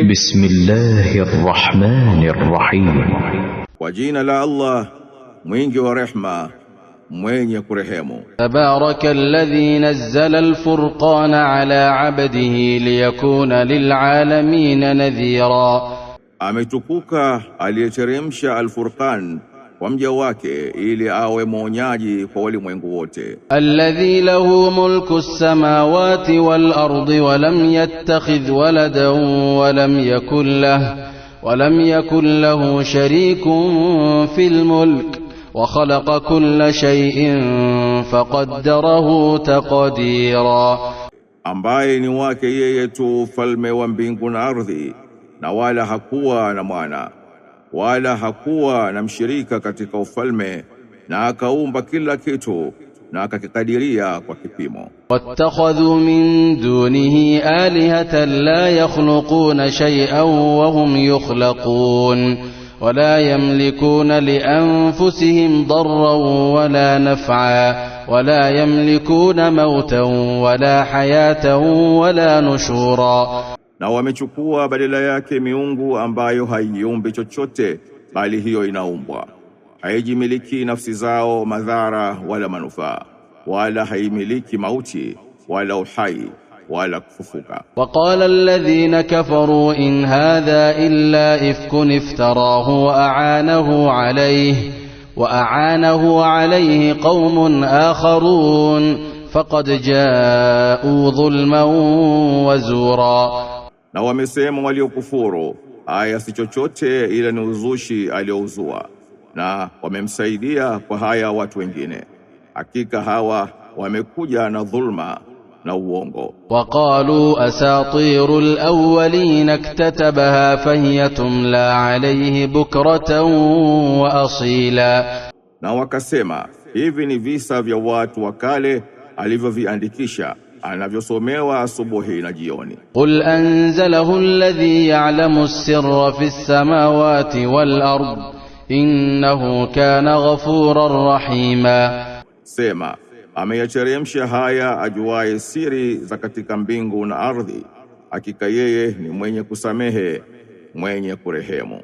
بسم الله الرحمن الرحيم وجينا لله من ورحمة من يكرهمه تبارك الذي نزل الفرقان على عبده ليكون للعالمين نذيرا أمتكوك أليترمش الفرقان ومجه واكي إلي آوي مونياجي فولي موينكو ووتي الذي له ملك السماوات والأرض ولم يتخذ ولدا ولم يكن له ولم يكن له شريك في الملك وخلق كل شيء فقدره تقديرا أمباي نواكي يتو فالمي ومبينكو الأرض نوالا هكوا نمانا wala hakuwa na mshirika katika ufalme na akaumba kila kitu na akakikadiria kwa kipimo. watakhadhu min dunihi alihatan la yakhluquna shay'an wa hum yukhlaqun ولا يملكون لأنفسهم ضرا ولا نفعا ولا يملكون موتا ولا حياة ولا نشورا na wamechukua badala yake miungu ambayo haiumbi chochote bali hiyo inaumbwa, haijimiliki nafsi zao madhara wala manufaa, wala haimiliki mauti wala uhai wala kufufuka. waqala alladhina kafaru in hadha illa ifkun iftarahu wa aanahu alayhi wa aanahu alayhi qaumun akharun faqad jaa'u dhulman wa zura Na wamesema waliokufuru, haya si chochote ila ni uzushi aliouzua, na wamemsaidia kwa haya watu wengine. Hakika hawa wamekuja na dhulma na uongo. Waqalu asatirul awwalin iktatabaha fahiya tumla alayhi bukratan wa asila, na wakasema hivi ni visa vya watu wa kale alivyoviandikisha anavyosomewa asubuhi na jioni. Qul anzalahu alladhi ya'lamu sirra fis samawati wal ard innahu kana ghafurar rahima, sema ameyacheremsha haya ajuaye siri za katika mbingu na ardhi, hakika yeye ni mwenye kusamehe mwenye kurehemu.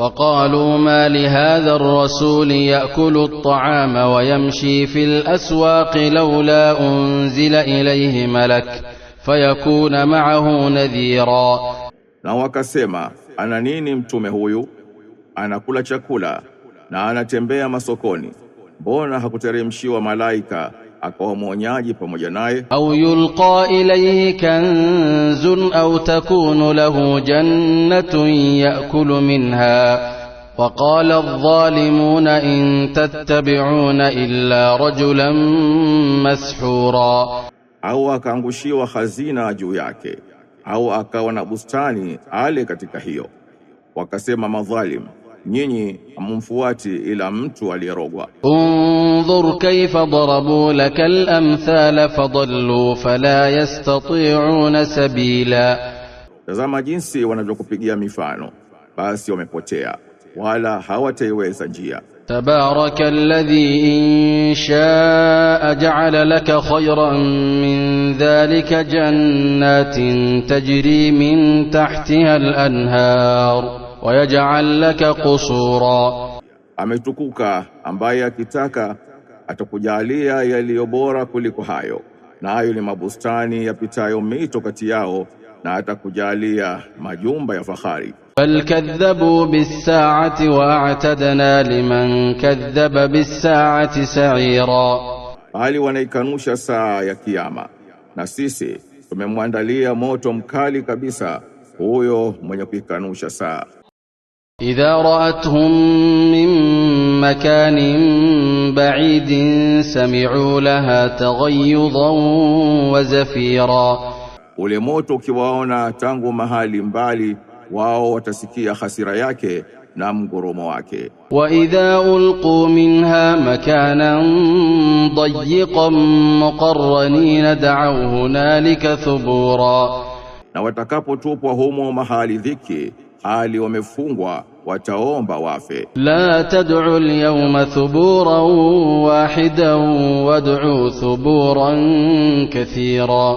وقالوا ما لهذا الرسول يأكل الطعام ويمشي في الأسواق لولا أنزل إليه ملك fayakuna ma'ahu nadhira na wakasema ana nini mtume huyu anakula chakula na anatembea masokoni mbona hakuteremshiwa malaika akawa mwonyaji pamoja naye, au yulqa ilayhi kanzun au takunu lahu jannatun yakulu minha wa qala adh-dhalimuna in tattabi'una illa rajulan mashura, au akaangushiwa hazina juu yake au akawa na bustani ale katika hiyo. Wakasema madhalim, nyinyi hamumfuati ila mtu aliyerogwa. um, انظر كيف ضربوا لك الأمثال فضلوا fala yastati'una sabila, tazama jinsi wanavyokupigia mifano, basi wamepotea wala hawataiweza njia. Tabaraka alladhi in shaa ja'ala laka khayran min dhalika jannatin tajri min tahtiha al-anhar wa yaj'al laka qusura, ametukuka ambaye akitaka atakujalia yaliyo bora kuliko hayo, na hayo ni mabustani yapitayo mito kati yao, na atakujalia majumba ya fahari. Bal kadhabu wa a'tadna liman kadhaba bis-saati saira, bali wanaikanusha saa ya Kiyama, na sisi tumemwandalia moto mkali kabisa huyo mwenye kuikanusha saa. Idha raatuhum min مكان بعيد سمعوا لها تغيظا وزفيرا ule moto ukiwaona tangu mahali mbali wao watasikia hasira yake na mgoromo wake. wa idha ulqu minha makanan dayiqan muqarranin da'u hunalika thubura, na watakapotupwa humo mahali dhiki, hali wamefungwa wataomba wafe. La tad'u al-yawma thuburan wahidan wad'u thuburan kathira,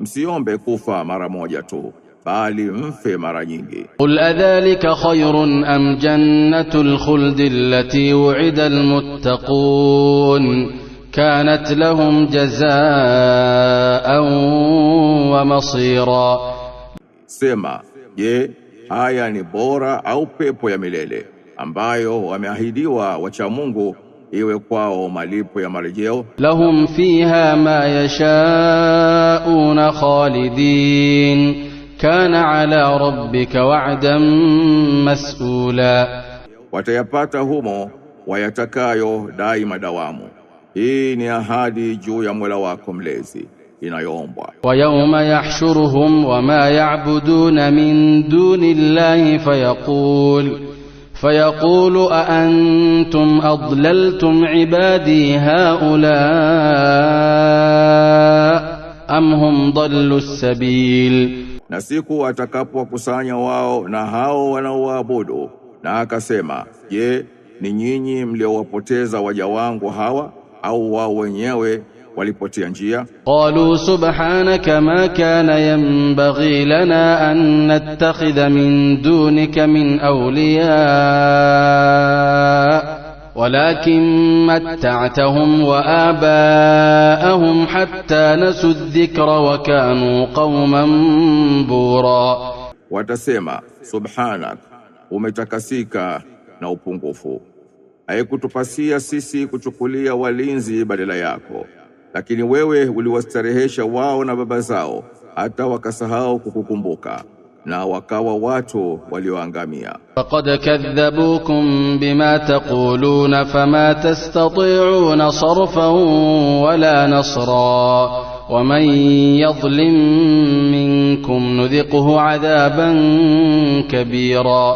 msiombe kufa mara moja tu bali mfe mara nyingi. Qul adhalika khayrun am jannatu al khuldi allati wu'ida al-muttaqun kanat lahum jazaa'an wa masira, sema je haya ni bora au pepo ya milele ambayo wameahidiwa wacha Mungu iwe kwao malipo ya marejeo. lahum fiha ma yashauna khalidin kana ala rabbika wa'dan mas'ula, watayapata humo wayatakayo daima dawamu. Hii ni ahadi juu ya Mola wako mlezi inayoombwa. wa yawma yahshuruhum wama ya'buduna min dunillahi fayaqul a antum adlaltum ibadi haula am hum dallu sabil, na siku atakapowakusanya wao na hao wanaoabudu na akasema je ni nyinyi mliowapoteza waja wangu hawa au wao wenyewe walipotea njia. Qalu subhanaka ma kana yanbaghi lana an nattakhidha min dunika min awliya walakin matta'tahum wa aba'ahum hatta nasu dhikra wa kanu qauman bura, watasema subhanak, umetakasika na upungufu, haikutupasia sisi kuchukulia walinzi badala yako lakini wewe uliwastarehesha wao na baba zao hata wakasahau kukukumbuka na wakawa watu walioangamia. faqad kadhabukum bima taquluna fama tastati'una sarfan wala nasra man yadhlim minkum nudhiquhu adhaban kabira,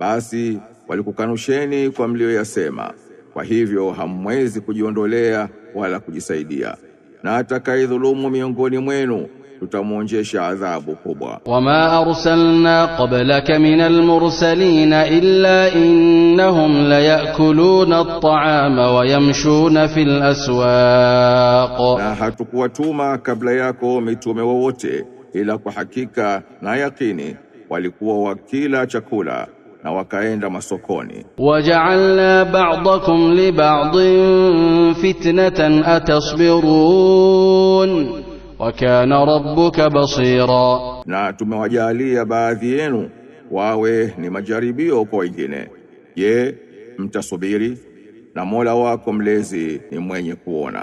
basi walikukanusheni kwa mlioyasema, kwa hivyo hamwezi kujiondolea wala kujisaidia, na atakaidhulumu miongoni mwenu tutamwonjesha adhabu kubwa. wama arsalna qablaka min almursalin illa innahum layakuluna at-ta'ama wa yamshuna fil aswaq, na hatukuwatuma kabla yako mitume wowote ila kwa hakika na yakini walikuwa wakila chakula na wakaenda masokoni. Waja'alna ba'dakum li ba'din fitnatan atasbirun wa kana rabbuka basira, na tumewajalia baadhi yenu wawe ni majaribio kwa wengine. Je, mtasubiri? Na Mola wako mlezi ni mwenye kuona.